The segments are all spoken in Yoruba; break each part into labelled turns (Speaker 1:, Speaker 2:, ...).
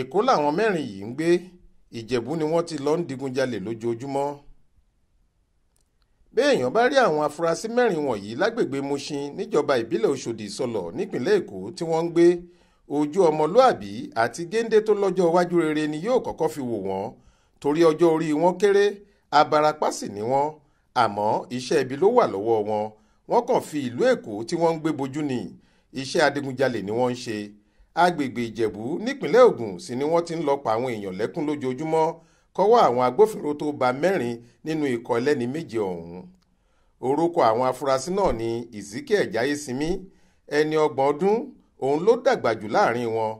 Speaker 1: èkó làwọn mẹ́rin yìí ń gbé ìjẹ̀bú ni wọ́n ti lọ ń digunjalè lójoojúmọ́ béèyàn bá rí àwọn afurasí mẹ́rin wọ̀nyí lágbègbè mushin níjọba ìbílẹ̀ ọ̀ṣọ́dì sọlọ̀ nípínlẹ̀ èkó tí wọ́n ń gbé ojú ọmọlúàbí àti géńdé tó lọ́jọ́ iwájú rere ni yóò kọ́kọ́ fi wò wọ́n torí ọjọ́ orí wọn kéré abarapá sì ni wọ́n àmọ́ iṣẹ́ ibi ló wà lọ́wọ́ wọn wọ́n kàn fi ìlú èkó tí wọ́n ń gbé bojú ni iṣẹ́ adigunjalè ni wọ́n ń ṣe agbègbè ìjẹ̀bú nípínlẹ̀ ògùn sì ni wọ́n ti ń lọ pa àwọn èèyàn lẹ́kún lójoojúmọ́ kọ́wọ́ àwọn agbófinró tó ba mẹ́rin nínú ikọ̀ ẹlẹ́ni méje ọ̀hún orúkọ àwọn afurasí náà ni ezekiel simi ẹni ọgbọ̀n ọdún òun ló dàgbà jù láàrin wọn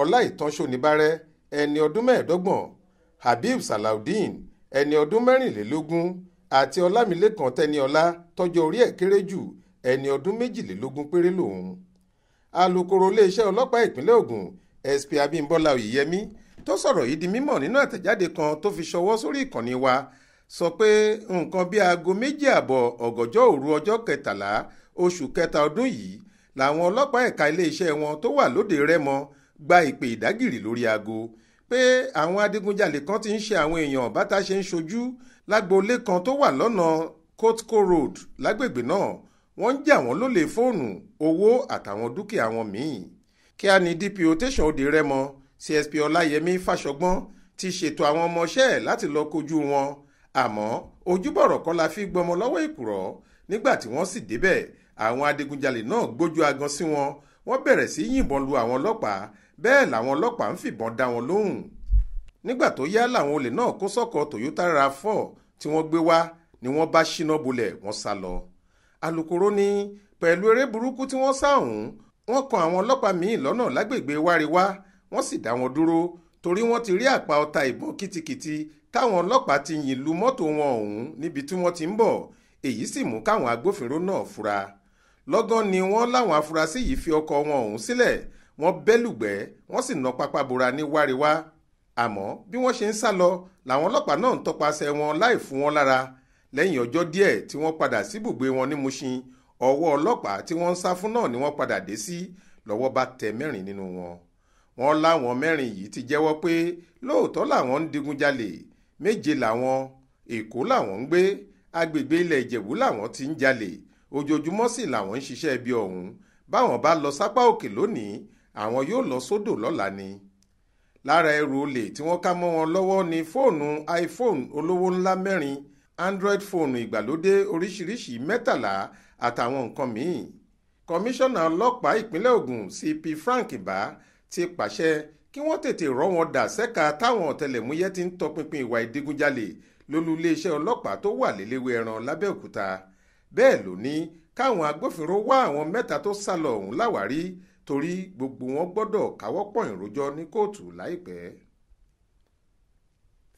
Speaker 1: ọláìtàn ṣonibárẹ́ ẹni ọdún mẹ́ẹ̀ẹ́dọ́gbọ̀n habib salaudeen ẹni ọdún mẹ́rìnlélógún àti ọlámilẹ́kan tẹ́niọlá tọ́jọ́ orí ẹ̀ kéré jù ẹni ọdún méjìlélógún péré lòun alūkkóró iléeṣẹ́ ọlọ́pàá ìpínlẹ̀ Ògùn SP Abímbọ́lá Oyèyẹmí tó sọ̀rọ̀ yìí di mímọ̀ nínú àtẹ̀jáde kan tó fi ṣọwọ́ sórí ìkànnì wa sọ pé nǹkan bíi aago méjì àbọ̀ ọ̀gànjọ́ òru ọjọ́ kẹtàlá oṣù kẹta ọdún yìí làwọn ọlọ́pàá ẹ̀ka iléeṣẹ́ wọn tó wà lóde Rẹ́mọ gba ìpè ìdágìrì lórí aago pé àwọn adigunjalè kan ti ń ṣe àwọn èèyàn bátà ṣe ń ṣojú lágboolé kan tó wà lọ́nà Kotko Road lágbègbè náà wọ́n ń jà wọ́n lólè fóònù owó àtàwọn dúkìá wọn míì kíá ni DPO tẹ̀sán òde rẹ́mọ CSP ọláyẹmí fàṣọgbọ́n ti ṣètò àwọn ọmọọṣẹ́ ẹ̀ láti lọ kojú wọn àmọ́ ojúbọ̀rọ̀ kọ́ la fi gbọmọ lọ́wọ́ ìkùrọ̀ nígbà tí wọ́n sì débẹ̀ àwọn adigunjalè náà gbójú agan sí wọn wọ́n bẹ̀rẹ̀ sí yìnbọn lu àwọn ọlọ́pàá bẹ́ẹ̀ làwọn ọlọ́pàá ń fìbọn dá wọn lóhùn nígbà tó yá làwọn olè náà kó sọ́kọ̀ Toyota RAV4 tí wọ́n gbé wá ni wọ́n bá ṣíná bolẹ̀ wọ́n sá lọ alūkkóró ní pẹ̀lú eré burúkú tí wọ́n sá ọ̀hún wọ́n kan àwọn ọlọ́pàá míì lọ́nà lágbègbè wáriwá wọ́n sì dá wọn dúró torí wọ́n ti rí àpá ọta ìbọn kìtìkìtì táwọn ọlọ́pàá ti yìn lu mọ́tò wọn ọ̀hún níbi tí wọ́n ti ń bọ̀ èyí sì mú káwọn agbófinró náà fura lọ́gán ni wọ́n láwọn afurasí yìí fi ọkọ̀ wọn ọ̀hún sílẹ̀ wọ́n bẹ́lùgbẹ́ wọ́n sì ná pápá bora ní wáriwá àmọ́ bí wọ́n ṣe ń sá lọ làwọn ọlọ́pàá náà ń tọpasẹ̀ wọn láì fún wọn lára lẹ́yìn ọjọ́ díẹ̀ tí wọ́n padà síbùgbé wọn ní Mushin ọwọ́ ọlọ́pàá tí wọ́n ń sá fún náà ni wọ́n padà dé sí lọ́wọ́ bá tẹ mẹ́rin nínú wọn. wọ́n láwọn mẹ́rin yìí ti jẹ́wọ́ pé lóòótọ́ làwọn ń digunjalè méje làwọn èkó làwọn ń gbé agbègbè ilẹ̀ ìjẹ̀bú làwọn ti ń jalè ojoojúmọ́ sì làwọn ń ṣiṣẹ́ ibi ọ̀hún báwọn bá lọ sápá òkè lónìí àwọn yóò lọ sódò lọ́la ni. lára ẹrù olè tí wọ́n ká mọ́ wọn lọ́wọ́ ni fóònù iPhone olówó ńlá mẹ́rin android fóònù ìgbàlódé oríṣiríṣi mẹ́tàlá àtàwọn nǹkan míì kọmíṣánná ọlọ́pàá ìpínlẹ̀ Ògùn CP Frank Ìbá ti pàṣẹ kí wọ́n tètè rọ́ wọn dà sẹ́ka táwọn ọ̀tẹlẹ̀múyẹ́ ti ń tọpinpin ìwà ìdigunjalè lólú iléeṣẹ́ ọlọ́pàá tó wà léléwé ẹran lábẹ́òkúta bẹ́ẹ̀ ló ní káwọn agbófinró wá àwọn mẹ́ta tó sá lọ ọ̀hún láwárí torí gbogbo wọn gbọ́dọ̀ káwọ́ pọ̀nyìn rojọ́ ní kóòtù láìpẹ́